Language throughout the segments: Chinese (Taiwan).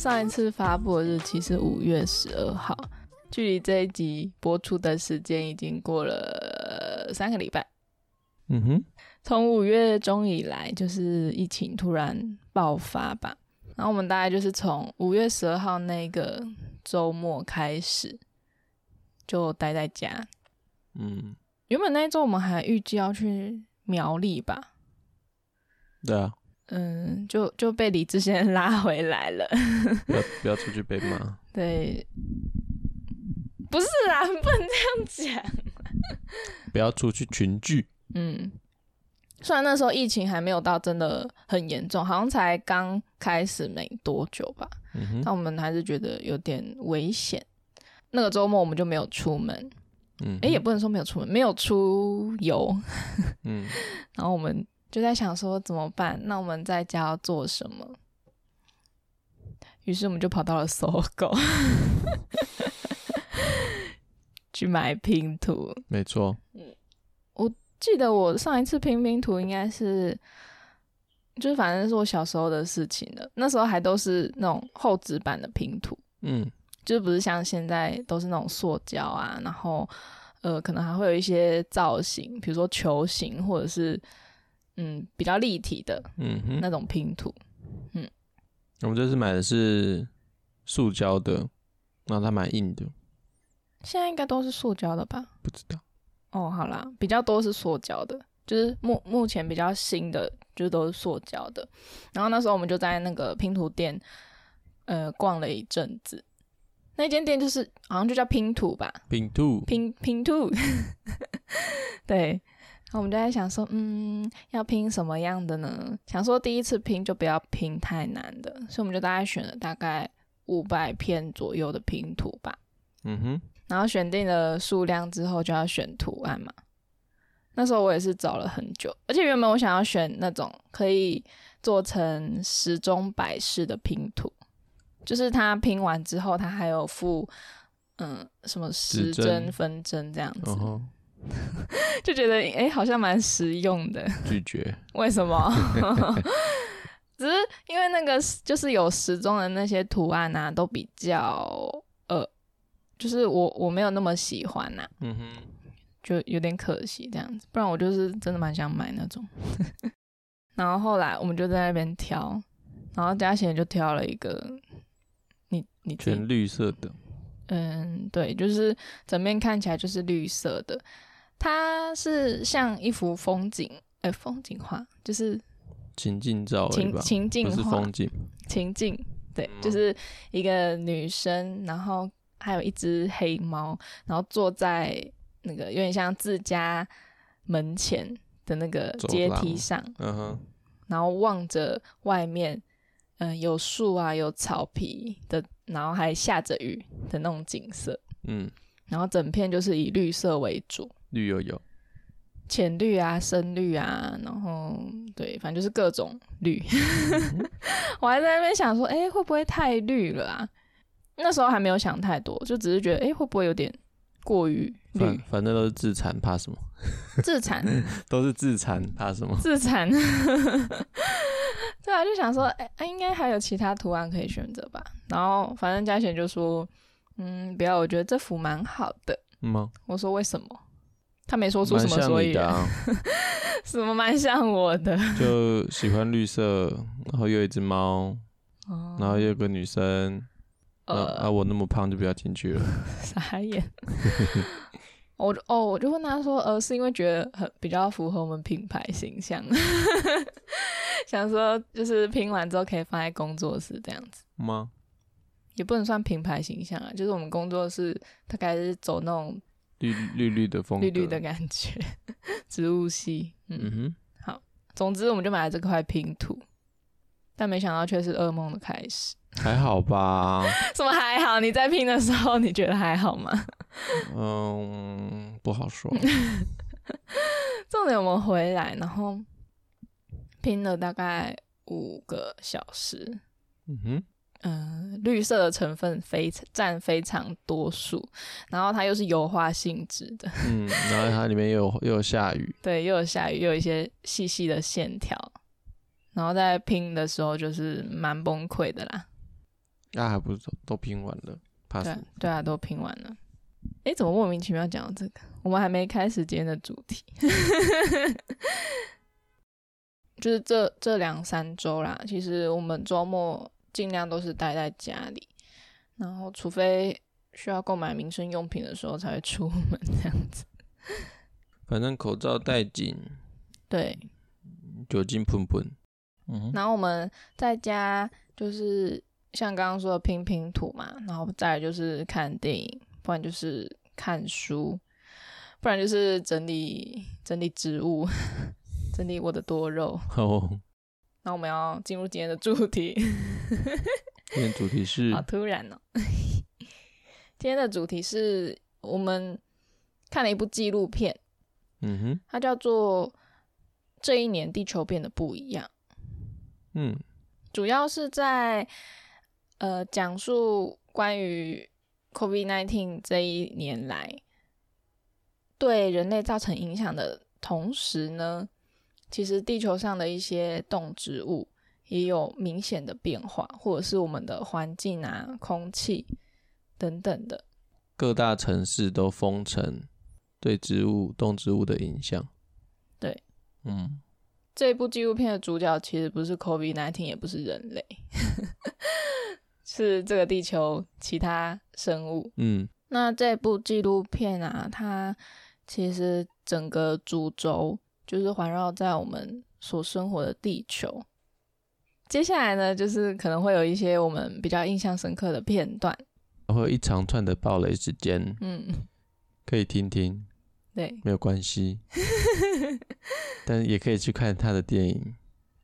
上一次發布日期是五月十二號，距離這一集播出的時間已經過了三個禮拜。嗯哼，從五月中以來就是疫情突然爆發吧，然後我們大概就是從五月十二號那個週末開始就待在家。嗯，原本那一周我們還預計要去苗栗吧。對啊。嗯，就就被李志先拉回來了 不。不要出去被罵。對，不是啦、啊，不能這樣講。 不要出去群聚。嗯，雖然那時候疫情還沒有到真的很嚴重，好像才剛開始沒多久吧。嗯嗯哼。但我們還是覺得有點危險。那個周末我們就沒有出門。嗯哼。哎，也不能說沒有出門，沒有出遊。 嗯。然後我們。就在想說怎麼辦？那我們在家要做什麼？於是我們就跑到了 SOGO 去買拼圖。沒錯錯，嗯，我記得我上一次拼拼圖應該是，就是反正是我小時候的事情了。那時候還都是那種厚紙板的拼圖，嗯，就不是像現在都是那種塑膠啊，然後呃，可能還會有一些造型，比如說球形或者是。嗯，比較立體的，嗯哼，那種拼圖，嗯，我們這次買的是塑膠的，那它蠻硬的。現在應該都是塑膠的吧？不知道。哦，好啦，比較多是塑膠的，就是目目前比較新的，就是都是塑膠的。然後那時候我們就在那個拼圖店，呃，逛了一陣子。那間店就是好像就叫拼圖吧？拼圖兔，拼拼圖， 對。那、啊、我們就在想說，嗯，要拼什麼樣的呢？想說第一次拼就不要拼太難的，所以我們就大概選了大概五百片左右的拼圖吧。嗯哼。然後選定了數量之後，就要選圖案嘛。那時候我也是找了很久，而且原本我想要選那種可以做成時鐘擺飾的拼圖，就是它拼完之後，它還有附嗯、呃、什麼時針、分針這樣子。哦 就覺得誒、欸，好像蠻實用的。拒絕？ 為什麼？ 只是因為那個就是有時鐘的那些圖案啊，都比較呃，就是我我沒有那麼喜歡吶、啊。嗯哼，就有點可惜這樣子。不然我就是真的蠻想買那種。 然後後來我們就在那邊挑，然後嘉賢就挑了一個，你你全綠色的。嗯，對，就是整面看起來就是綠色的。它是像一幅風景，哎、欸，風景畫，就是情境照，情情境，不是風景，情境，對，嗯、就是一個女生，然後還有一隻黑貓，然後坐在那個有點像自家門前的那個階梯上，嗯哼，然後望着外面，嗯、呃，有樹啊，有草皮的，然後還下着雨的那種景色，嗯，然後整片就是以綠色為主。綠油油，淺綠啊，深綠啊，然後對，反正就是各種綠。 我還在那邊想說，哎、欸，會不會太綠了啊？那時候還沒有想太多，就只是覺得，哎、欸，會不會有點過於綠。反、反正都是自殘，怕什麼？自殘殘 都是自殘，怕什麼？自殘殘。 對啊，就想說，哎、欸啊，應該還有其他圖案可以選擇吧？然後反正佳賢就說，嗯，不要，我覺得這幅蠻好的。嗯、哦，我說為什麼？他沒說出什麼所以然，蠻像你這樣。 什麼蠻像我的？就喜歡綠色，然後有一隻貓，哦、然後又有個女生，呃啊，我那麼胖就不要進去了，傻眼， 我就哦，我就問他說，呃，是因為覺得很比較符合我們品牌形象， 想說就是拼完之後可以放在工作室這樣子嗎？也不能算品牌形象啊，就是我們工作室大概是走那種。綠，綠綠的風格，綠綠的感覺，植物系，嗯，嗯哼，好，總之我們就買了這塊拼圖，但沒想到卻是噩夢的開始，還好吧？什麼還好？你在拼的時候你覺得還好嗎？嗯，不好說。嗯。重點我們回來，然後拼了大概五個小時，嗯哼。嗯、呃，綠色的成分非常占非常多數，然後它又是油畫性質的，嗯，然後它裡面有又又下雨， 對，又有下雨，又有一些細細的線條，然後在拼的時候就是蠻崩潰的啦。那、啊、還不如都拼完了？怕什麼，對對啊，都拼完了。誒、欸，怎麼莫名其妙講到這個？我們還沒開始今天的主題， 就是這這兩三周啦。其實我們周末。盡量都是待在家裡，然後除非需要購買民生用品的時候才會出門這樣子。反正口罩戴緊，對，酒精噴噴，嗯。然後我們在家就是像剛剛說的拼拼圖嘛，然後再來就是看電影，不然就是看書，不然就是整理整理植物，整理我的多肉哦。Oh. 那我們要進入今天的主題。今 天主題是……好突然呢、哦！ 今天的主題是我們看了一部紀錄片，嗯哼，它叫做《這一年地球變得不一樣》。嗯，主要是在呃講述關於 COVID-19 這一年來對人類造成影響的同時呢。其實地球上的一些動植物也有明顯的變化，或者是我們的環境啊、空氣等等的。各大城市都封城，對植物、動植物的影響。對，嗯，這部紀錄片的主角其實不是 COVID-19，也不是人類， 是這個地球其他生物。嗯，那這部紀錄片啊，它其實整個主軸。就是環繞在我們所生活的地球。接下來呢，就是可能會有一些我們比較印象深刻的片段，會有一長串的爆雷時間。嗯，可以聽聽。對，沒有關係。 但也可以去看他的電影。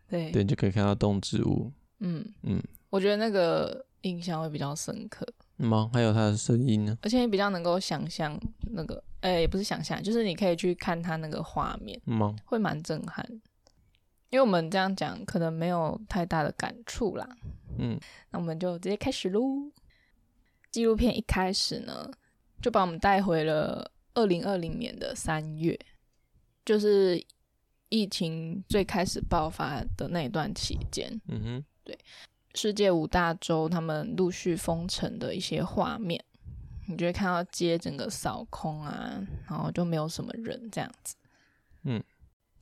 對，對，你就可以看到動植物。嗯嗯，嗯我覺得那個印象會比較深刻。嗯哦、還有他的聲音呢，而且你比較能夠想象那個，誒、欸，也不是想象，就是你可以去看他那個畫面，嗯哦、會蠻震撼，因為我們這樣講可能沒有太大的感觸啦。嗯，那我們就直接開始嘍。紀錄片一開始呢，就把我們帶回了二零二零年的三月，就是疫情最開始爆發的那一段期間。嗯哼，對。世界五大洲，他們陸續封城的一些畫面，你就會看到街整個掃空啊，然後就沒有什麼人這樣子。嗯，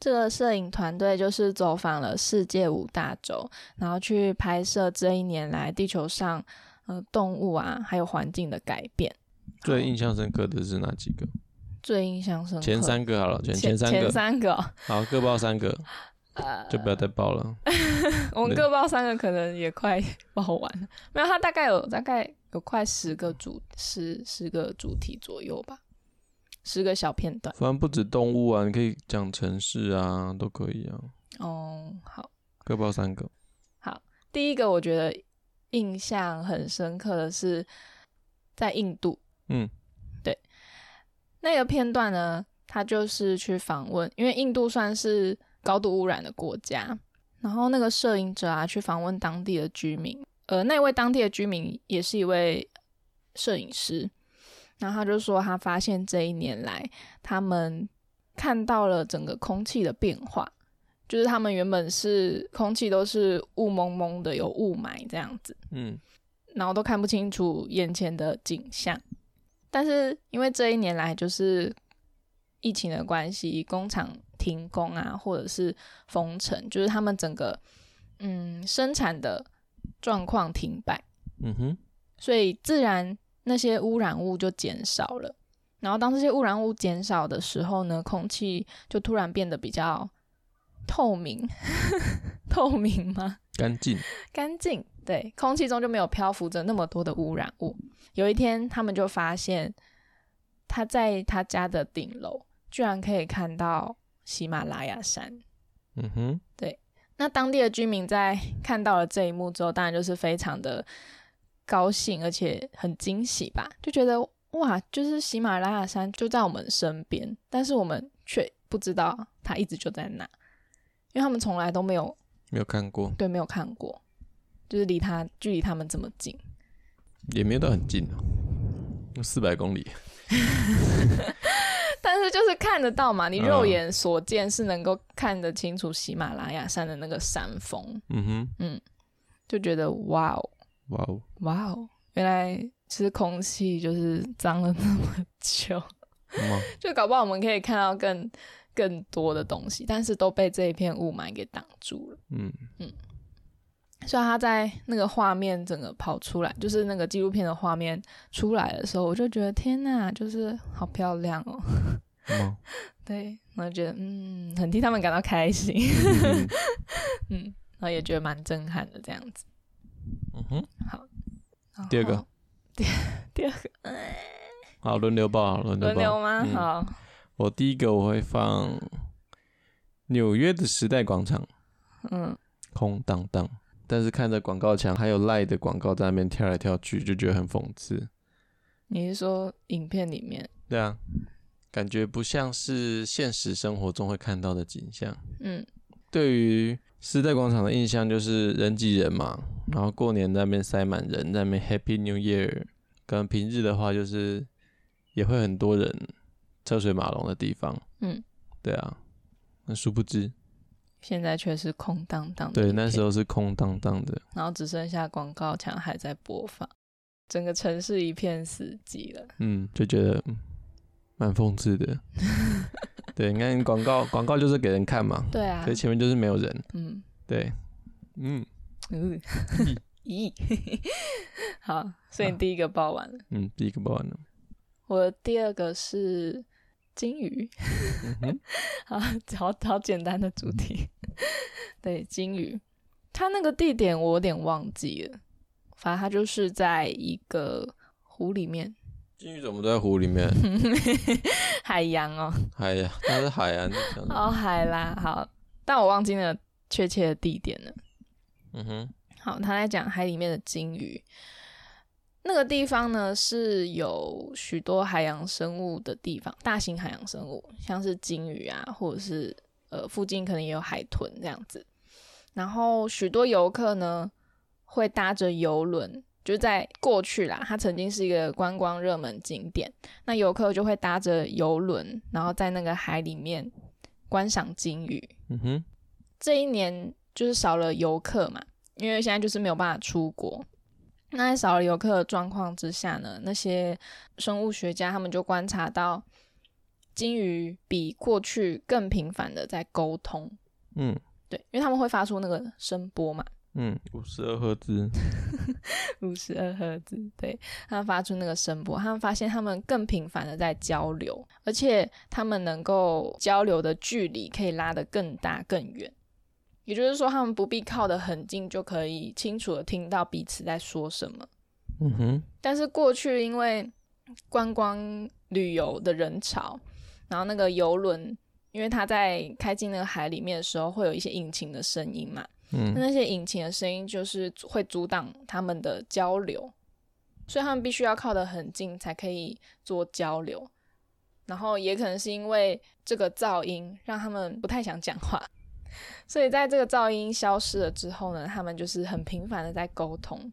這個攝影團隊就是走訪了世界五大洲，然後去拍攝這一年來地球上，呃，動物啊，還有環境的改變。最印象深刻的是哪幾個？最印象深刻、刻。前三個好了，前前三個。前三個好，各報三個。就不要再報了。 我們各報三個，可能也快報完了。 沒有，它大概有大概有快十個主十十個主題左右吧，十個小片段。反正不止動物啊，你可以講城市啊，都可以啊。哦，好，各報三個。好，第一個我覺得印象很深刻的是在印度。嗯，對，那個片段呢，他就是去訪問，因為印度算是，高度污染的國家，然後那個攝影者啊，去訪問當地的居民，呃，那一位當地的居民也是一位攝影師，然後他就說，他發現這一年來，他們看到了整個空氣的變化，就是他們原本是空氣都是霧蒙蒙的，有霧霾這樣子，嗯，然後都看不清楚眼前的景象，但是因為這一年來就是疫情的關係，工廠。停工啊，或者是封城，就是他們整個嗯生產的狀況停擺。嗯哼，所以自然那些污染物就減少了。然後當這些污染物減少的時候呢，空氣就突然變得比較透明， 透明嗎？乾淨，乾淨。對，空氣中就沒有漂浮着那麼多的污染物。有一天，他們就發現，他在他家的頂樓，居然可以看到。喜馬拉雅山，嗯哼，對。那當地的居民在看到了這一幕之後，當然就是非常的高興，而且很驚喜吧？就覺得哇，就是喜馬拉雅山就在我們身邊，但是我們卻不知道它一直就在那，因為他們從來都沒有沒有看過，對，沒有看過，就是離它距離他們這麼近，也沒有到很近哦，四百公里。 就是看得到嘛，你肉眼所見是能夠看得清楚喜馬拉雅山的那個山峰。嗯哼，嗯，就覺得哇哦，哇哦，哇哦，原來其實空氣就是髒了那麼久，哇 就搞不好我們可以看到更更多的東西，但是都被這一片霧霾給擋住了。嗯嗯，雖然、嗯、他在那個畫面整個跑出來，就是那個紀錄片的畫面出來的時候，我就覺得天哪，就是好漂亮哦。 嗯、對，我就覺得嗯，很替他們感到開心， 嗯、嗯、嗯、嗯，然後也覺得蠻震撼的這樣子。嗯哼，好，第二個，第第二個，好，輪流報，輪流輪流嗎？嗯、好，我第一個我會放紐約的時代廣場，嗯，空蕩蕩，但是看着廣告牆還有賴的廣告在那邊跳來跳去，就覺得很諷刺。你是說影片裡面？對啊。感覺不像是現實生活中會看到的景象。嗯，對於時代廣場的印象就是人擠人嘛，然後過年在那邊塞滿人，在那邊 Happy New Year。跟平日的話，就是也會很多人車水馬龍的地方。嗯，對啊。那殊不知，現在卻是空蕩蕩的。對，那時候是空蕩蕩的，然後只剩下廣告牆還在播放，整個城市一片死寂了。嗯，就覺得。嗯蠻諷刺的， 對，你看廣告，廣告就是給人看嘛。對啊，所以前面就是沒有人。嗯，對，嗯，咦， 好，所以你第一個報完了。嗯，第一個報完了。我的第二個是金魚，啊， 好好簡單的主題。 對，金魚，它那個地點我有點忘記了，反正它就是在一個湖裡面。鯨魚怎麼都在湖裡面？ 海洋哦、喔，海洋，它是海洋的。哦，oh, 海啦，好，但我忘記了確切的地點了。嗯哼，好，他在講海裡面的鯨魚，那個地方呢是有許多海洋生物的地方，大型海洋生物像是鯨魚啊，或者是呃附近可能也有海豚這樣子。然後許多遊客呢會搭着遊輪。就在過去啦，它曾經是一個觀光熱門景點，那遊客就會搭着遊輪，然後在那個海裡面觀賞鯨魚。嗯哼，這一年就是少了遊客嘛，因為現在就是沒有辦法出國。那在少了遊客的狀況之下呢，那些生物學家他們就觀察到鯨魚比過去更頻繁的在溝通。嗯，對，因為他們會發出那個聲波嘛。.嗯，五十二赫茲，五十二赫茲。對，他們發出那個聲波，他們發現他們更頻繁的在交流，而且他們能夠交流的距離可以拉得更大更遠，也就是說，他們不必靠得很近就可以清楚的聽到彼此在說什麼。嗯哼。但是過去因為觀光旅遊的人潮，然後那個遊輪，因為他在開進那個海裡面的時候，會有一些引擎的聲音嘛。那、嗯、那些引擎的聲音就是會阻擋他們的交流，所以他們必須要靠得很近才可以做交流。然後也可能是因為這個噪音讓他們不太想講話，所以在這個噪音消失了之後呢，他們就是很頻繁的在溝通。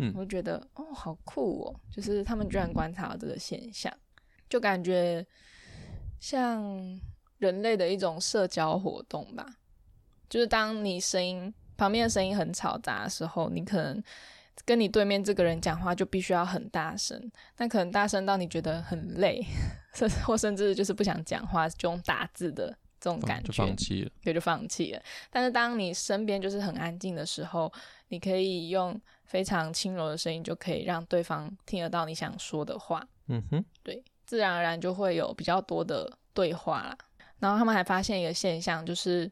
嗯，我就覺得哦，好酷哦，就是他們居然觀察到這個現象，就感覺像人類的一種社交活動吧。就是當你聲音旁邊的聲音很嘈雜的時候，你可能跟你對面這個人講話就必須要很大聲，但可能大聲到你覺得很累，甚至或甚至就是不想講話，就用打字的這種感覺就放棄了，對，就放棄了。但是當你身邊就是很安靜的時候，你可以用非常輕柔的聲音，就可以讓對方聽得到你想說的話。嗯哼，對，自然而然就會有比較多的對話啦。然後他們還發現一個現象，就是。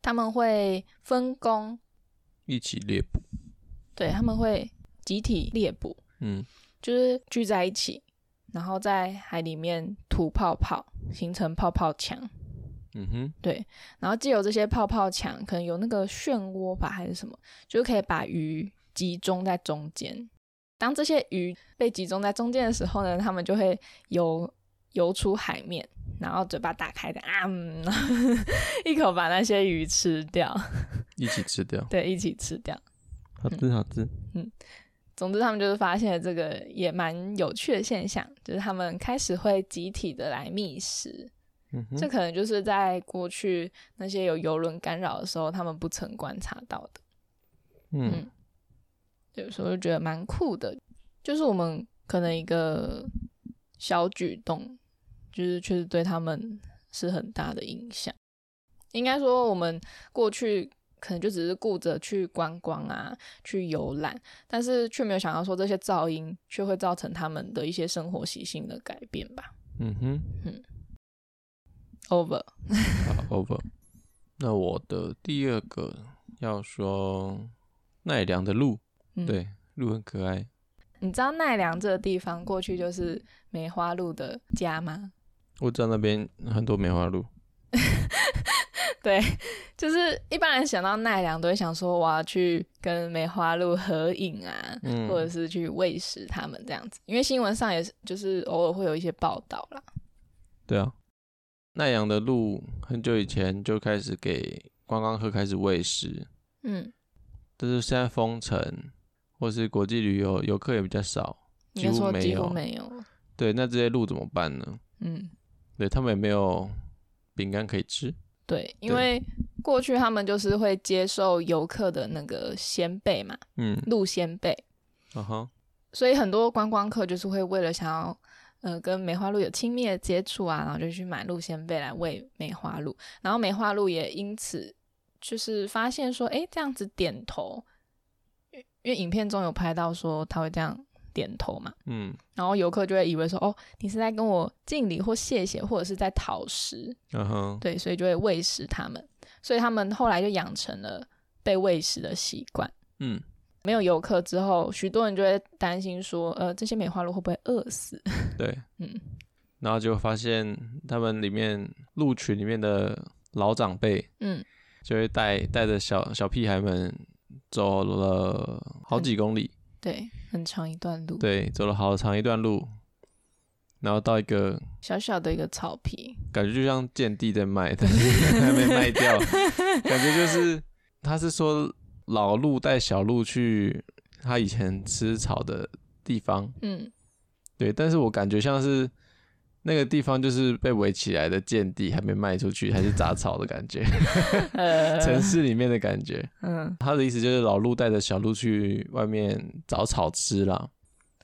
他們會分工，一起獵捕。對，他們會集體獵捕。嗯，就是聚在一起，然後在海裡面吐泡泡，形成泡泡牆。嗯哼，對。然後既有這些泡泡牆，可能有那個漩渦吧，還是什麼，就可以把魚集中在中間。當這些魚被集中在中間的時候呢，他們就會有。游出海面，然後嘴巴打開的啊、嗯呵呵，一口把那些魚吃掉，一起吃掉，對，一起吃掉，好吃好吃嗯。嗯，總之他們就是發現了這個也蠻有趣的現象，就是他們開始會集體的來覓食，嗯哼，這可能就是在過去那些有郵輪干擾的時候他們不曾觀察到的，嗯，有時候就覺得蠻酷的，就是我們可能一個小舉動。就是確實對他們是很大的影響。應該說，我們過去可能就只是顧着去觀光啊，去遊覽，但是卻沒有想到說這些噪音卻會造成他們的一些生活習性的改變吧？嗯哼嗯。Over。好，Over。那我的第二個要說奈良的鹿，嗯、對，鹿很可愛。你知道奈良這個地方過去就是梅花鹿的家嗎？我知道那邊很多梅花鹿， 對，就是一般人想到奈良都會想說我要去跟梅花鹿合影啊，嗯、或者是去餵食他們這樣子，因為新聞上也是就是偶爾會有一些報道啦。對啊，奈良的鹿很久以前就開始給觀光客開始餵食，嗯，但是現在封城或是國際旅遊遊客也比較少，應該說幾乎沒有，幾乎沒有。對，那這些鹿怎麼辦呢？嗯。對他們也沒有餅乾可以吃。對，因為過去他們就是會接受遊客的那個仙貝嘛，嗯，鹿仙貝。嗯哼、uh。Huh、所以很多觀光客就是會為了想要，嗯、呃、跟梅花鹿有親密的接觸啊，然後就去買鹿仙貝來餵梅花鹿，然後梅花鹿也因此就是發現說，哎，這樣子點頭，因為因為影片中有拍到說它會這樣。點頭嘛，嗯，然後遊客就會以為說，哦，你是在跟我敬禮或謝謝，或者是在討食，嗯哼，對，所以就會餵食他們，所以他們後來就養成了被餵食的習慣，嗯，沒有遊客之後，許多人就會擔心說，呃，這些梅花鹿會不會餓死？對， 嗯，然後就發現他們裡面鹿群裡面的老長輩，嗯，就會帶帶着小小屁孩們走了好幾公里，嗯、對。很長一段路，對，走了好長一段路，然後到一個小小的、一個草皮，感覺就像見地在賣，但是還沒賣掉， 感覺就是他是說老鹿帶小鹿去他以前吃草的地方，嗯，對，但是我感覺像是。那個地方就是被圍起來的建地，還沒賣出去，還是雜草的感覺， 城市裡面的感覺。嗯，他的意思就是老鹿帶着小鹿去外面找草吃了，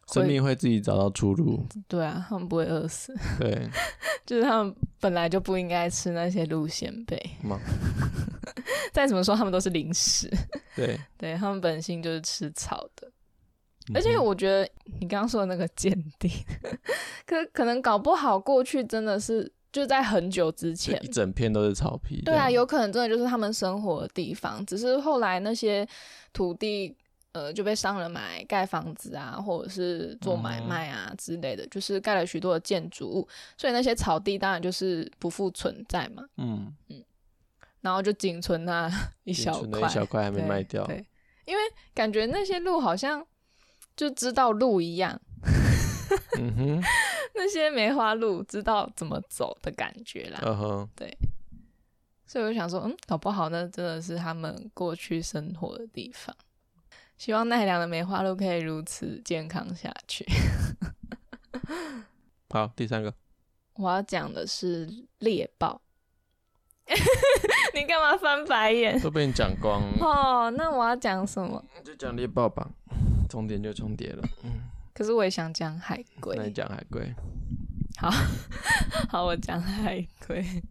會生命會自己找到出路。對啊，他們不會餓死。對， 就是他們本來就不應該吃那些鹿仙貝。 再怎麼說，他們都是零食。對，對，他們本性就是吃草的。嗯、哼而且我覺得你剛剛說的那個建地。可可能搞不好，過去真的是就在很久之前，一整片都是草皮。對，對啊，有可能真的就是他們生活的地方，只是後來那些土地呃就被商人買，蓋房子啊，或者是做買賣啊之類的，嗯、就是蓋了許多的建築物，所以那些草地當然就是不復存在嘛。嗯嗯，然後就僅存那一小塊，僅存一小塊還沒賣掉對。對，因為感覺那些鹿好像就知道路一樣。嗯哼。那些梅花鹿知道怎麼走的感覺啦，嗯哼、uh-huh. 對，所以我想說，嗯，搞不好那真的是他們過去生活的地方。希望奈良的梅花鹿可以如此健康下去。 好，第三個，我要講的是獵豹。 你幹嘛翻白眼？都被你講光了哦。Oh, 那我要講什麼？就講獵豹吧，重疊就重疊了，嗯。可是我也想講海龜。那你講海龜。好好，我講海龜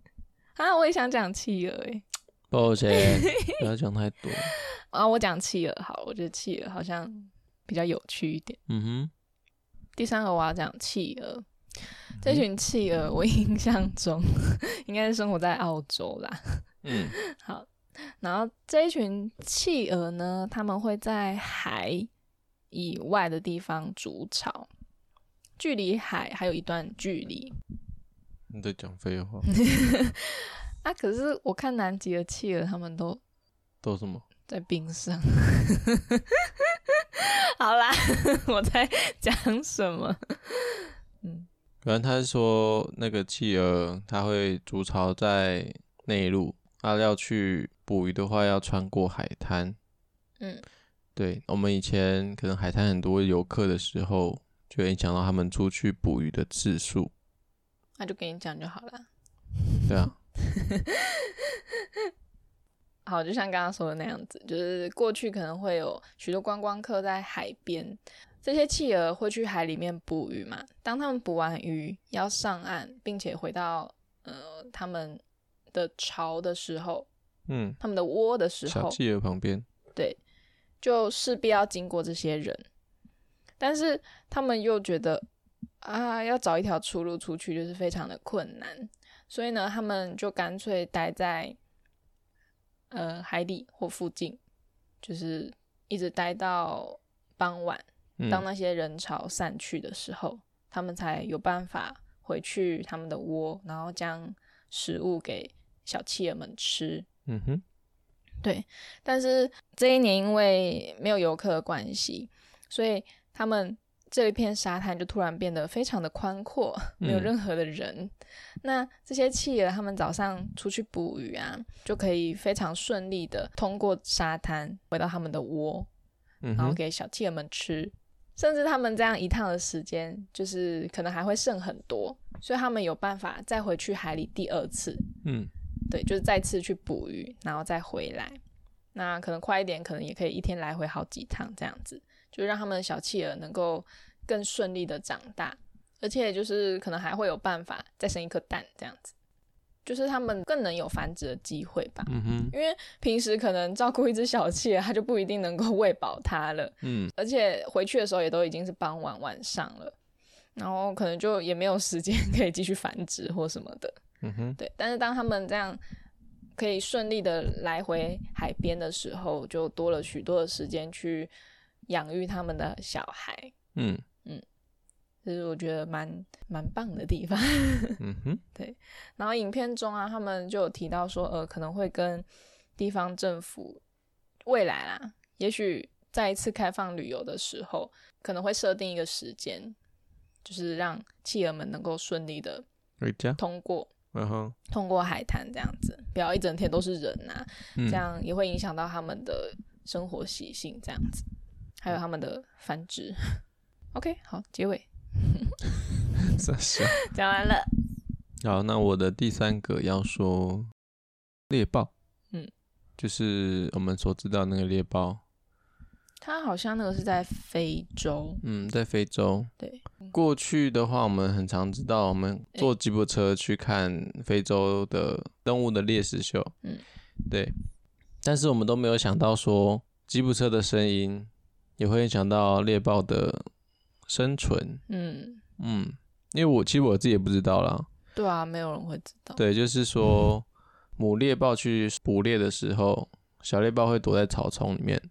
啊，我也想講企鵝。欸，抱歉，不要講太多 啊，我講企鵝。好，我覺得企鵝好像比較有趣一點，嗯哼，第三個我要講企鵝。這群企鵝我印象中 應該是生活在澳洲啦，嗯，好，然後這一群企鵝呢，他們會在海。以外的地方築巢，距離海還有一段距離。你在講廢話 啊！可是我看南極的企鵝，他們都都什麼在冰上？ 好啦，我在講什麼？嗯，反正他是說，那個企鵝它會築巢在內陸。他要去捕魚的話，要穿過海灘。嗯。對我們以前可能海灘很多遊客的時候，就影響到他們出去捕魚的次數。那就跟你講就好了。 對啊。 好，就像剛剛說的那樣子，就是過去可能會有許多觀光客在海邊，這些企鵝會去海裡面捕魚嘛。當他們捕完魚要上岸，並且回到呃他們的巢的時候，嗯，他們的窩的時候，小企鵝旁邊，對。就勢必要經過這些人，但是他們又覺得啊，要找一條出路出去就是非常的困難，所以呢，他們就乾脆待在嗯、呃、海裡或附近，就是一直待到傍晚，嗯、當那些人潮散去的時候，他們才有辦法回去他們的窩，然後將食物給小企鵝們吃。嗯哼。對，但是這一年因為沒有遊客的關係，所以他們這一片沙灘就突然變得非常的寬闊，沒有任何的人。嗯、那這些企鵝，他們早上出去捕魚啊，就可以非常順利的通過沙灘回到他們的窩，嗯、哼然後給小企鵝們吃。甚至他們這樣一趟的時間，就是可能還會剩很多，所以他們有辦法再回去海裡第二次。嗯。對，就是再次去捕魚，然後再回來。那可能快一點，可能也可以一天來回好幾趟這樣子，就讓他們的小企鵝能夠更順利的長大，而且就是可能還會有辦法再生一顆蛋這樣子，就是他們更能有繁殖的機會吧。嗯嗯哼，因為平時可能照顧一隻小企鵝，它就不一定能夠餵飽它了。嗯，而且回去的時候也都已經是傍晚晚上了，然後可能就也沒有時間可以繼續繁殖或什麼的。嗯哼，對。但是當他們這樣可以順利的來回海邊的時候，就多了許多的時間去養育他們的小孩。嗯嗯，這、嗯就是我覺得蠻蠻棒的地方。 嗯哼，對。然後影片中啊，他們就有提到說，呃，可能會跟地方政府未來啦，也許再一次開放旅遊的時候，可能會設定一個時間，就是讓企鵝們能夠順利的通過。嗯然後通過海灘這樣子，不要一整天都是人吶、啊，嗯、這樣也會影響到他們的生活習性這樣子，還有他們的繁殖。OK，好，結尾。 講完了。好，那我的第三個要說獵豹，嗯，就是我們所知道那個獵豹。他好像那個是在非洲，嗯，在非洲，對。過去的話，我們很常知道，我們坐吉普車去看非洲的動物的獵食秀，嗯、欸，對。但是我們都沒有想到說，吉普車的聲音也會影響到獵豹的生存，嗯嗯。因為我其實我自己也不知道啦。對啊，沒有人會知道。對，就是說，母獵豹去捕獵的時候，小獵豹會躲在草叢裡面。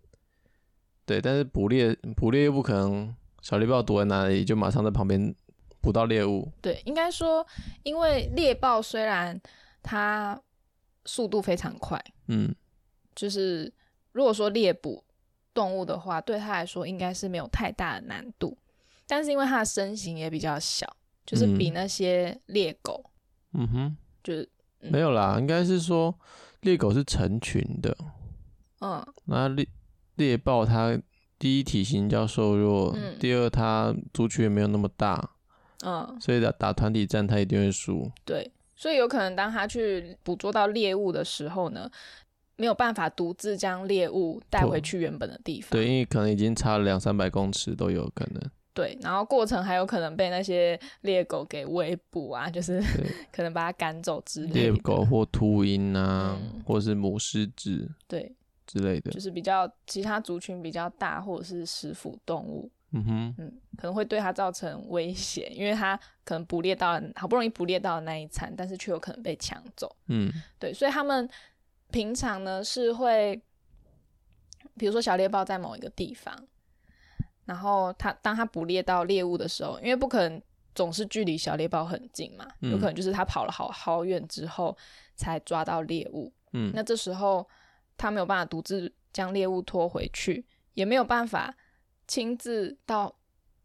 對，但是捕獵捕獵又不可能，小獵豹躲在哪裡，就馬上在旁邊捕到獵物。對，應該說，因為獵豹雖然它速度非常快，嗯，就是如果說獵捕動物的話，對它來說應該是沒有太大的難度。但是因為它的身形也比較小，就是比那些獵狗，嗯哼，就是、嗯、沒有啦，應該是說獵狗是成群的，嗯，那獵。獵豹它第一體型較瘦弱，嗯、第二它族群也沒有那麼大，嗯，所以打打團體戰它一定會輸。對，所以有可能當它去捕捉到獵物的時候呢，沒有辦法獨自將獵物帶回去原本的地方。對，對，因為可能已經差了兩三百公尺都有可能。對，然後過程還有可能被那些獵狗給圍捕啊，就是對可能把它趕走之類的。獵狗或禿鷹啊，嗯、或是母獅子。對。就是比較其他族群比較大，或者是食腐動物，嗯哼，嗯，可能會對它造成威脅，因為它可能捕獵到好不容易捕獵到的那一餐，但是卻有可能被搶走，嗯，對，所以他們平常呢是會，比如說小獵豹在某一個地方，然後它當它捕獵到獵物的時候，因為不可能總是距離小獵豹很近嘛，嗯，有可能就是它跑了好好遠之後才抓到獵物，嗯，那這時候。它沒有辦法獨自將獵物拖回去，也沒有辦法親自到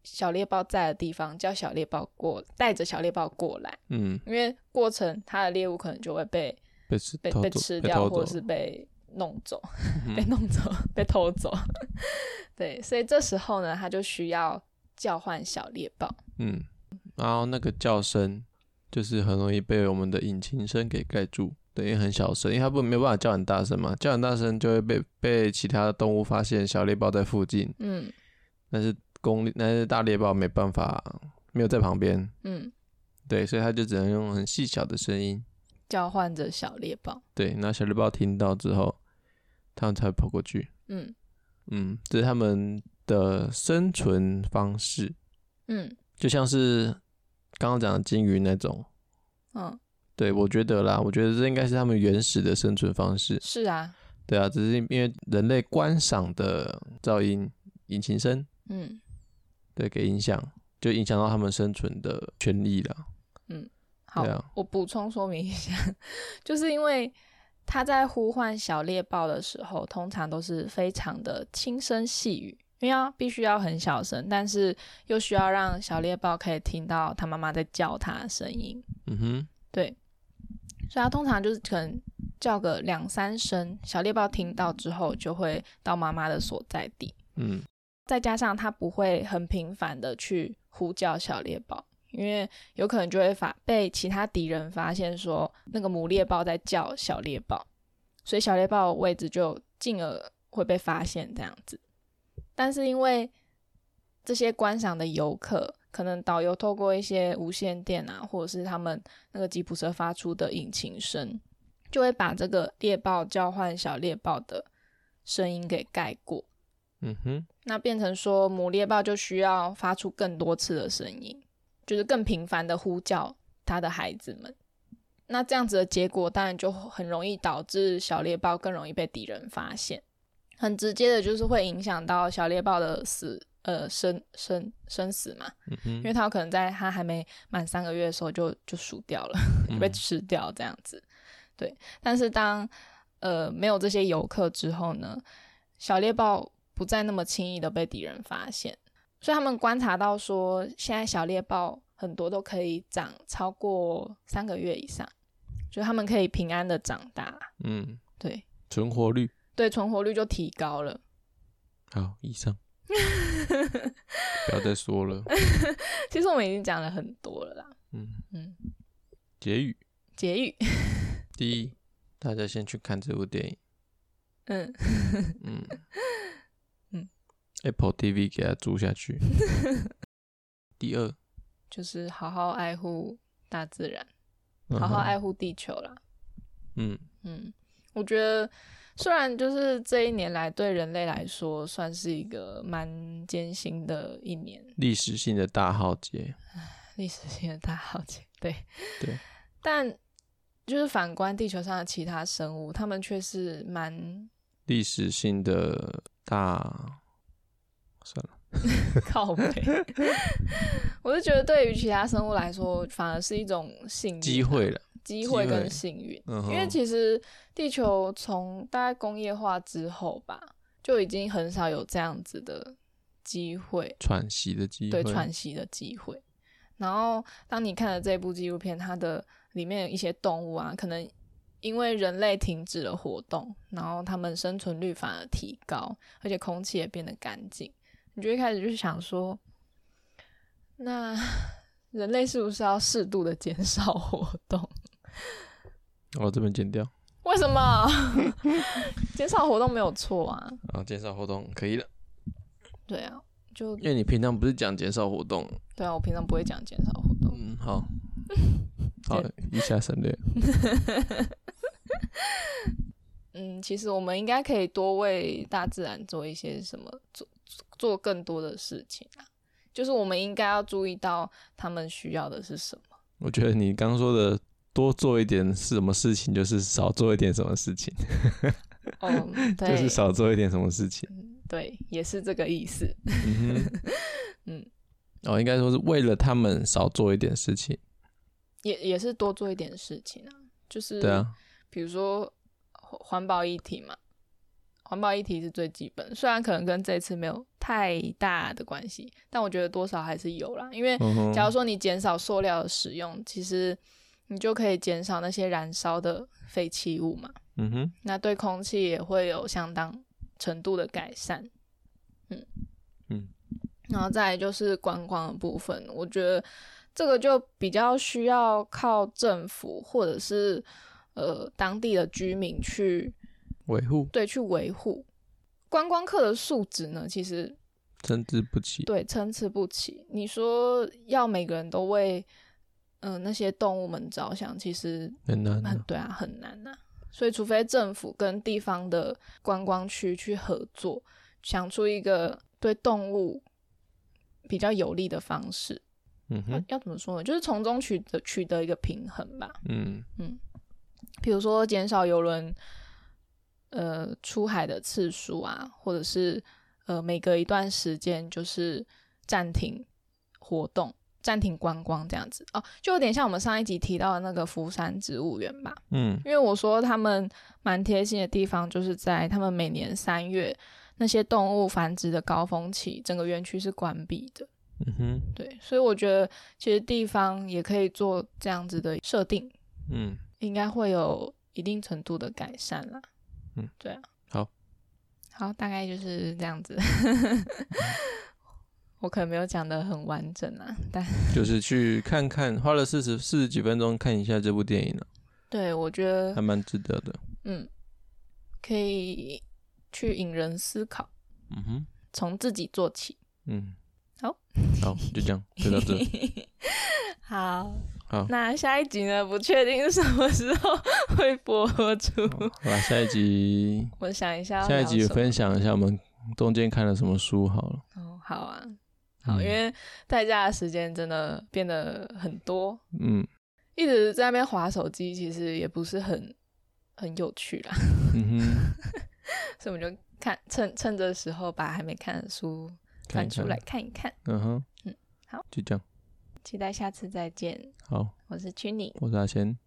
小獵豹在的地方叫小獵豹過，帶着小獵豹過來。嗯，因為過程它的獵物可能就會被被吃，被吃掉，或是被弄走，嗯、哼被弄走，被偷走。 對，所以這時候呢，它就需要叫喚小獵豹。嗯，然後那個叫聲就是很容易被我們的引擎聲給蓋住。等於很小聲，因為它不沒有辦法叫很大聲嘛，叫很大聲就會被被其他的動物發現小獵豹在附近。嗯，但是公，但是大獵豹沒辦法，沒有在旁邊。嗯，對，所以它就只能用很細小的聲音叫喚著小獵豹。對，然後小獵豹聽到之後，他們才跑過去。嗯嗯，這是他們的生存方式。嗯，就像是剛剛講的鯨魚那種。嗯、哦。對，我覺得啦，我覺得這應該是他們原始的生存方式。是啊，對啊，只是因為人類觀賞的噪音、引擎聲，嗯，對，給影響，就影響到他們生存的權利了。嗯，好，啊、我補充說明一下，就是因為他在呼喚小獵豹的時候，通常都是非常的輕聲細語，因為必須要很小聲，但是又需要讓小獵豹可以聽到他媽媽在叫他的聲音。嗯哼，對。所以它通常就是可能叫個兩三聲，小獵豹聽到之後就會到媽媽的所在地。嗯，再加上它不會很頻繁的去呼叫小獵豹，因為有可能就會發被其他敵人發現，說那個母獵豹在叫小獵豹，所以小獵豹的位置就進而會被發現這樣子。但是因為這些觀賞的遊客。可能導遊透過一些無線電啊，或者是他們那個吉普車發出的引擎聲，就會把這個獵豹叫喚小獵豹的聲音給蓋過。嗯哼，那變成說母獵豹就需要發出更多次的聲音，就是更頻繁的呼叫它的孩子們。那這樣子的結果，當然就很容易導致小獵豹更容易被敵人發現，很直接的就是會影響到小獵豹的死。呃，生生生死嘛，嗯嗯，因為他可能在他還沒滿三個月的時候就就死掉了，嗯、被吃掉這樣子。對，但是當呃沒有這些遊客之後呢，小獵豹不再那麼輕易的被敵人發現，所以他們觀察到說，現在小獵豹很多都可以長超過三個月以上，所以他們可以平安的長大。嗯，對，存活率，對，存活率就提高了。好，以上。 不要再說了。 其實我們已經講了很多了啦。嗯嗯，結語。結語。 第一，大家先去看這部電影。嗯 嗯 Apple TV 給它租下去。 第二，就是好好愛護大自然，嗯、哼好好愛護地球啦。嗯嗯，我覺得。雖然就是這一年來對人類來說算是一個蠻艱辛的一年，歷史性的大浩劫，歷史性的大浩劫，對對，但就是反觀地球上的其他生物，他們卻是蠻歷史性的大算了， 靠北， 我就覺得對於其他生物來說，反而是一種幸運，機會了。機會跟幸運，嗯、因為其實地球從大概工業化之後吧，就已經很少有這樣子的機會喘息的機會，對喘息的機會。然後當你看了這部紀錄片，它的裡面有一些動物啊，可能因為人類停止了活動，然後它們生存率反而提高，而且空氣也變得乾淨。你就一開始就想說，那人類是不是要適度的減少活動？我、哦、這邊剪掉，為什麼減 少活動沒有錯啊？啊，減少活動可以了。對啊，就因為你平常不是講減少活動。對啊，我平常不會講減少活動。嗯，好好，以減下省略。 嗯，其實我們應該可以多為大自然做一些什麼，做做更多的事情啊。就是我們應該要注意到他們需要的是什麼。我覺得你剛剛說的。多做一點是什麼事情，就是少做一點什麼事情。哦 ，oh, 對，就是少做一點什麼事情。對，也是這個意思。Mm hmm. 嗯，哦，oh, 應該說是為了他們少做一點事情，也也是多做一點事情啊。就是，對啊，比如說環保議題嘛，環保議題是最基本，雖然可能跟這次沒有太大的關係，但我覺得多少還是有啦。因為、uh huh. 假如說你減少塑料的使用，其實。你就可以減少那些燃燒的廢棄物嘛，嗯哼，那對空氣也會有相當程度的改善，嗯嗯，然後再來就是觀光的部分，我覺得這個就比較需要靠政府或者是呃當地的居民去維護，維護，對，去維護。觀光客的素質呢，其實參差不齊，對，參差不齊。你說要每個人都為嗯、呃，那些動物們着想，其實很，很難，啊啊，對啊，很難吶，啊。所以，除非政府跟地方的觀光區去合作，想出一個對動物比較有利的方式。嗯哼、啊，要怎麼說呢？就是從中取得取得一個平衡吧。嗯嗯，比如說減少郵輪呃出海的次數啊，或者是呃每隔一段時間就是暫停活動。暫停觀光這樣子哦，就有點像我們上一集提到的那個福山植物園吧。嗯，因為我說他們蠻貼心的地方，就是在他們每年三月那些動物繁殖的高峰期，整個園區是關閉的。嗯哼，對，所以我覺得其實地方也可以做這樣子的設定。嗯，應該會有一定程度的改善了。嗯，對啊。好，好，大概就是這樣子。 我可能沒有講得很完整啊，但就是去看看，花了四十四十幾分鐘看一下這部電影了。對，我覺得還蠻值得的。嗯，可以去引人思考。嗯哼，從自己做起。嗯，好，好，就這樣，就到這。 好，好，那下一集呢？不確定什麼時候會播出。好，好吧，下一集我想一下，下一集分享一下我們中間看了什麼書好了。哦，好啊。好，因為在家的時間真的變得很多，嗯，一直在那邊滑手機，其實也不是很很有趣啦， 嗯哼， 所以我們就看趁趁着時候把還沒看的書翻出來看一看，嗯哼，uh huh、嗯，好，就這樣，期待下次再見，好，我是君妮，我是阿賢，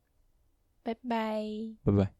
拜拜 bye，拜拜。